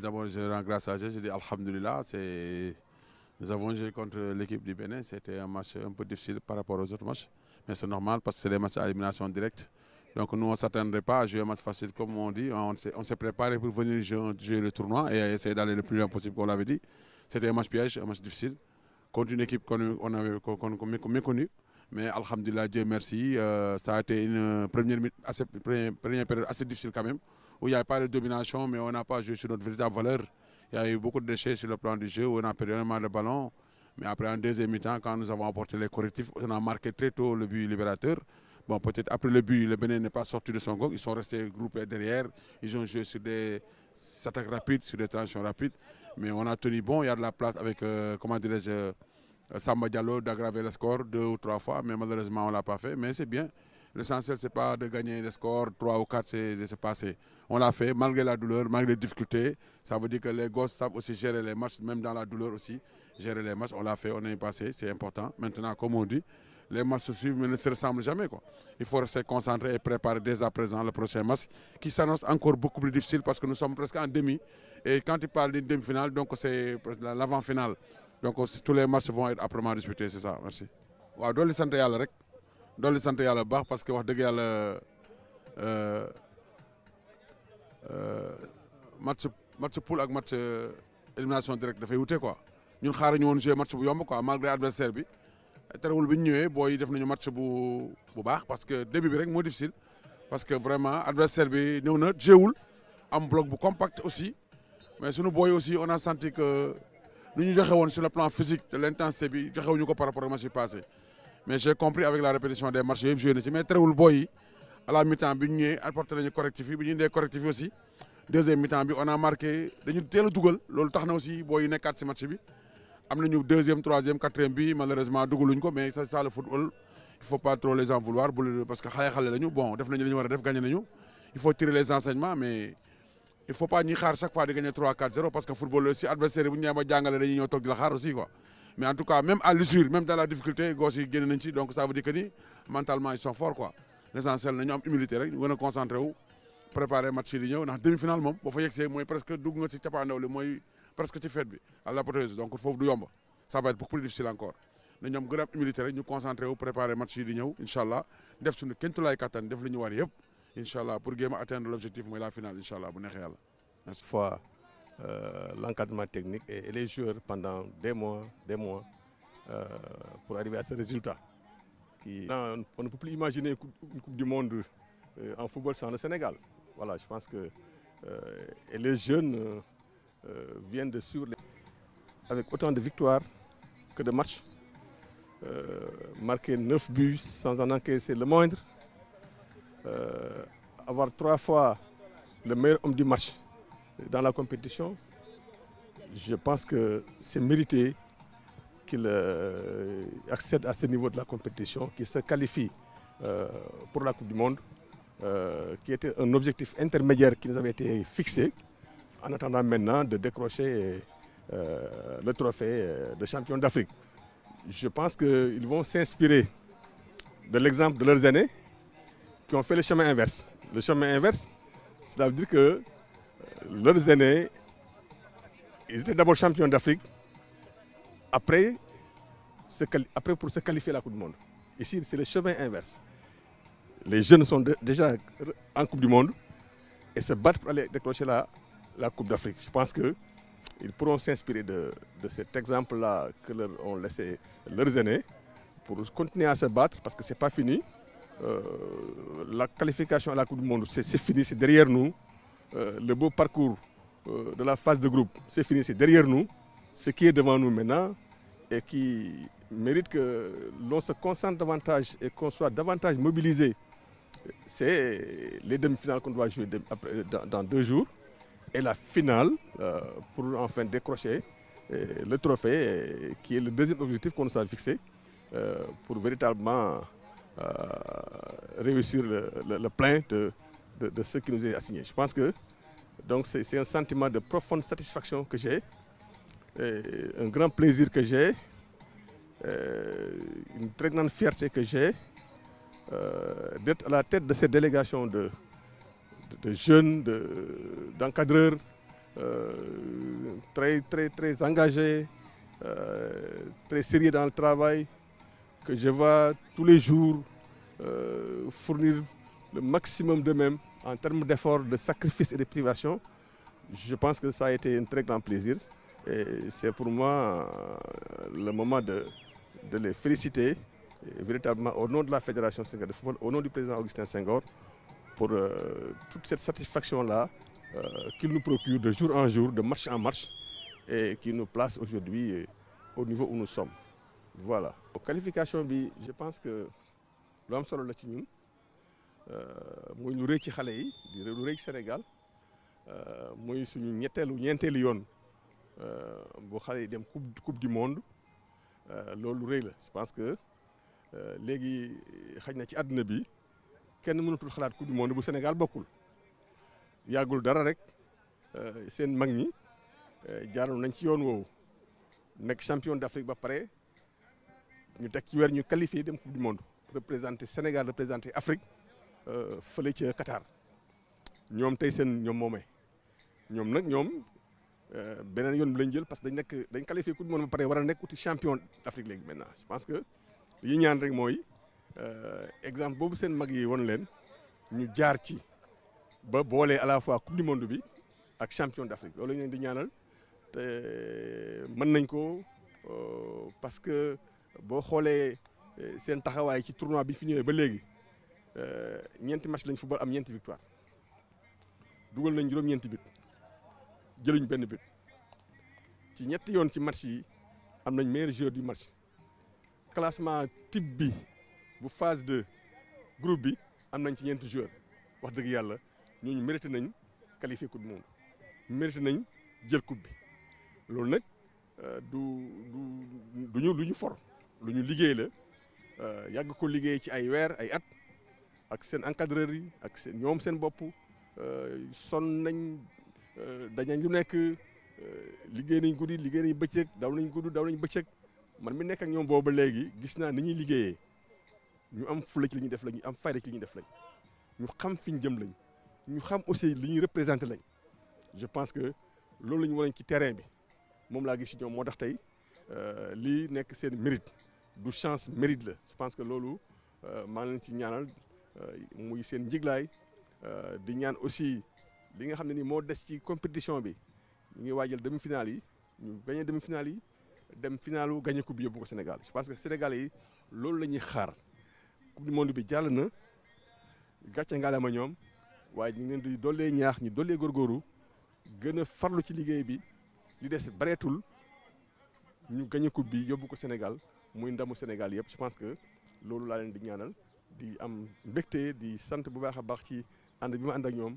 D'abord, je rends grâce à Dieu, je dis Alhamdulillah. Nous avons joué contre l'équipe du Bénin, c'était un match un peu difficile par rapport aux autres matchs, mais c'est normal parce que c'est des matchs à élimination directe. Donc nous, on ne s'attendrait pas à jouer un match facile comme on dit, on s'est préparé pour venir jouer, le tournoi et essayer d'aller le plus loin possible, comme on l'avait dit. C'était un match piège, un match difficile, contre une équipe qu'on avait méconnue. Mais Alhamdulillah, Dieu merci, euh, ça a été une première, première période assez difficile quand même où il n'y avait pas de domination, mais on n'a pas joué sur notre véritable valeur. Il y a eu beaucoup de déchets sur le plan du jeu, où on a perdu mal le ballon. Mais après, en deuxième mi-temps, quand nous avons apporté les correctifs, on a marqué très tôt le but libérateur. Bon, peut-être après le but, le Bénin n'est pas sorti de son goal. Ils sont restés groupés derrière. Ils ont joué sur des attaques rapides, sur des tensions rapides. Mais on a tenu bon. Il y a de la place avec, euh, comment dirais-je, euh, Samba Diallo d'aggraver le score deux ou trois fois. Mais malheureusement, on ne l'a pas fait. Mais c'est bien. L'essentiel, ce n'est pas de gagner le score trois ou quatre, c'est de se passer. On l'a fait malgré la douleur, malgré les difficultés. Ça veut dire que les gosses savent aussi gérer les matchs, même dans la douleur aussi. Gérer les matchs, on l'a fait, on est passé, c'est important. Maintenant, comme on dit, les matchs se suivent mais ne se ressemblent jamais. Quoi. Il faut se concentrer et préparer dès à présent le prochain match qui s'annonce encore beaucoup plus difficile parce que nous sommes presque en demi. Et quand il parle d'une demi-finale, donc c'est l'avant-finale. Donc tous les matchs vont être âprement disputés, c'est ça. Merci. a parce que euh, match match poule ak match euh, élimination directe fay wouté quoi ñun ñu won jouer match bu yomb quoi malgré adversaire bi terewul bi ñu boy booy def nañu match bu bu baax parce que début bi rek mo difficile parce que vraiment adversaire bi ñëw na jéewul am bloc bu compact aussi mais suñu booy aussi on a senti que nu ñu joxé won sur le plan physique de l'intensité bi bi joxewuñu ko par rapport au match passé mais j'ai compris avec la répétition des matchs yëpp joué na ci mais terewul boy yi à la mi-temps on a apporté des correctif a bi correctifs aussi deuxième mi-temps on a marqué dañu teel a le double, tax na aussi boo yi nekkaat matchs. match bi am le deuxième troisième quatrième bi malheureusement le ko mais ça le football il ne faut pas trop les en vouloir parce que les bon def gagné il faut tirer les enseignements mais il ne faut pas ñuy xaar chaque fois de gagner 3 4 0 parce que le football aussi adversaire il bu ñu les gens jàngale ñëw la xaar aussi quoi mais en tout cas même à l'usure même dans la difficulté donc ça veut dire que mentalement ils sont forts quoi l'essentiel nous sommes humilité rek nous a concentré préparer le match yi di ndax demi finale mom faut fa yexé moy presque dugg nga ci cappaandaw li moy presque ci fête bi à protège donc il du yomb ça va être beaucoup plus difficile encore Nous ñom militaires, nous nous humilité rek préparer concentré wu préparer match yi di ñëw nous def suñu kéntu lay def li ñu pour atteindre l'objectif moy la finale inshallah, bu nexé fois euh, l'encadrement technique et, les joueurs pendant des mois, des mois euh, pour arriver à ce résultat on ne peut plus imaginer une Coupe, du Monde euh, en football sans le Sénégal. Voilà, je pense que euh, les jeunes euh, viennent de sur les... avec autant de victoires que de matchs. marquer 9 buts sans en encaisser le moindre. avoir trois fois le meilleur homme du match dans la compétition, je pense que c'est mérité qu'il euh, accède à ce niveau de la compétition, qu'ils se qualifie euh, pour la Coupe du Monde, euh, qui était un objectif intermédiaire qui nous avait été fixé, en attendant maintenant de décrocher le trophée de champion d'Afrique. Je pense qu'ils vont s'inspirer de l'exemple de leurs aînés qui ont fait le chemin inverse. Le chemin inverse, cela veut dire que leurs aînés, ils étaient d'abord champions d'Afrique, après, après pour se qualifier à la Coupe du Monde. Ici, c'est le chemin inverse. Les jeunes sont déjà en Coupe du Monde et se battent pour aller décrocher la, la Coupe d'Afrique. Je pense qu'ils pourront s'inspirer de, cet exemple-là que leur ont laissé leurs aînés pour continuer à se battre parce que ce n'est pas fini. Euh, la qualification à la Coupe du Monde, c'est fini, c'est derrière nous. Euh, le beau parcours euh, de la phase de groupe, c'est fini, c'est derrière nous. Ce qui est devant nous maintenant, et qui mérite que l'on se concentre davantage et qu'on soit davantage mobilisé. C'est les demi-finales qu'on doit jouer dans, deux jours et la finale euh, pour enfin décrocher euh, le trophée euh, qui est le deuxième objectif qu'on nous a fixé pour véritablement réussir le, plein de, de, ce qui nous est assigné. Je pense que c'est un sentiment de profonde satisfaction que j'ai euh, un grand plaisir que j'ai, euh, une très grande fierté que j'ai euh, d'être à la tête de cette délégation de, de jeunes, d'encadreurs, très, très, très engagés, très sérieux dans le travail, que je vois tous les jours fournir le maximum d'eux-mêmes en termes d'efforts, de sacrifices et de privations. Je pense que ça a été un très grand plaisir c'est pour moi euh, le moment de, les féliciter euh, véritablement au nom de la Fédération sénégalaise de football, au nom du président Augustin Senghor, pour euh, toute cette satisfaction-là qu'il nous procure de jour en jour, de marche en marche, et qui nous place aujourd'hui au niveau où nous sommes. Voilà. qualification, qualifications, je pense que l'homme solo la ci Sénégal euh, bu xale dem coupe coupe du monde euh, loolu reuy la je pense que euh, légui xaj na ci aduna bi kenn mënatul xalat coupe du monde bu Sénégal bokul yagul dara rek seen mag ñi jaaroon nañ ci yoon woowu nek champion d'Afrique ba paré ñu tek ci weer ñu qualifier dem coupe du monde représenter Sénégal représenter Afrique feulé ci Qatar ñom tay sen ñom moomee ñom nak ñom euh, benen yoon bi lañ jël parce que dañ nekk dañ qualifié coupe du monde ba pare war a nekk uti champion d'Afrique léegi maintenant je pense que yi ñaan rek mooy euh, exemple boobu seen mag yi won leen ñu jaar ci ba boolee à la fois coupe du monde bi ak champion d'Afrique loolu ñu di ñaanal te euh, mën nañ ko parce que boo xoolee seen taxawaay ci tournoi bi fi ñëwee ba léegi ñeenti match lañ football am ñeenti victoire dugal nañ juróom-ñeenti but jëluñ benn bi ci ñetti yoon ci match yi am nañ meilleur joueur du match classement type bi bu phase de groupe bi am nañ ci ñeent joueur wax dëgg yàlla ñu mérité nañ qualifier coupe du monde mérité nañ jël coupe bi loolu nag euh, du du du ñu lu ñu for lu ñu liggéey la euh, yàgg ko liggéey ci ay weer ay at ak seen encadreur yi ak seen ñoom seen bopp euh, son nañ Euh, nous lu nek euh, liggéey nañ di liggéey nañ nous daw nañ du daw nañ bëccëg man mi nek ak ñom fait, nous gis na ni ñi liggéey ñu am ci li ñu def ñu am aussi li ñuy représenter lañ je pense que loolu qui ñu ci terrain bi moom laa gis ci tax euh, mérite chance mérite je pense que loolu maa leen ci ñaanal muy aussi li nga xamné ni mo dess ci compétition bi ñu ngi waajal demi finale yi ñu gagné demi finale yi dem finalu gagné coupe bi yóbbu ko Sénégal je pense que Sénégalais yi loolu lañuy xaar coupe du monde bi jall na gàcce ngaalama ñom waaye ñu ngi leen di dolé ñaax ñu dolé góorgóoru gën a farlu ci liggéey bi li dess barétul ñu gagné coupe bi yóbbu ko Sénégal muy ndamu Sénégal yépp je pense que loolu la leen di ñaanal di am mbégte di sante bu baaxa baax ci and bi ma and ak ñoom.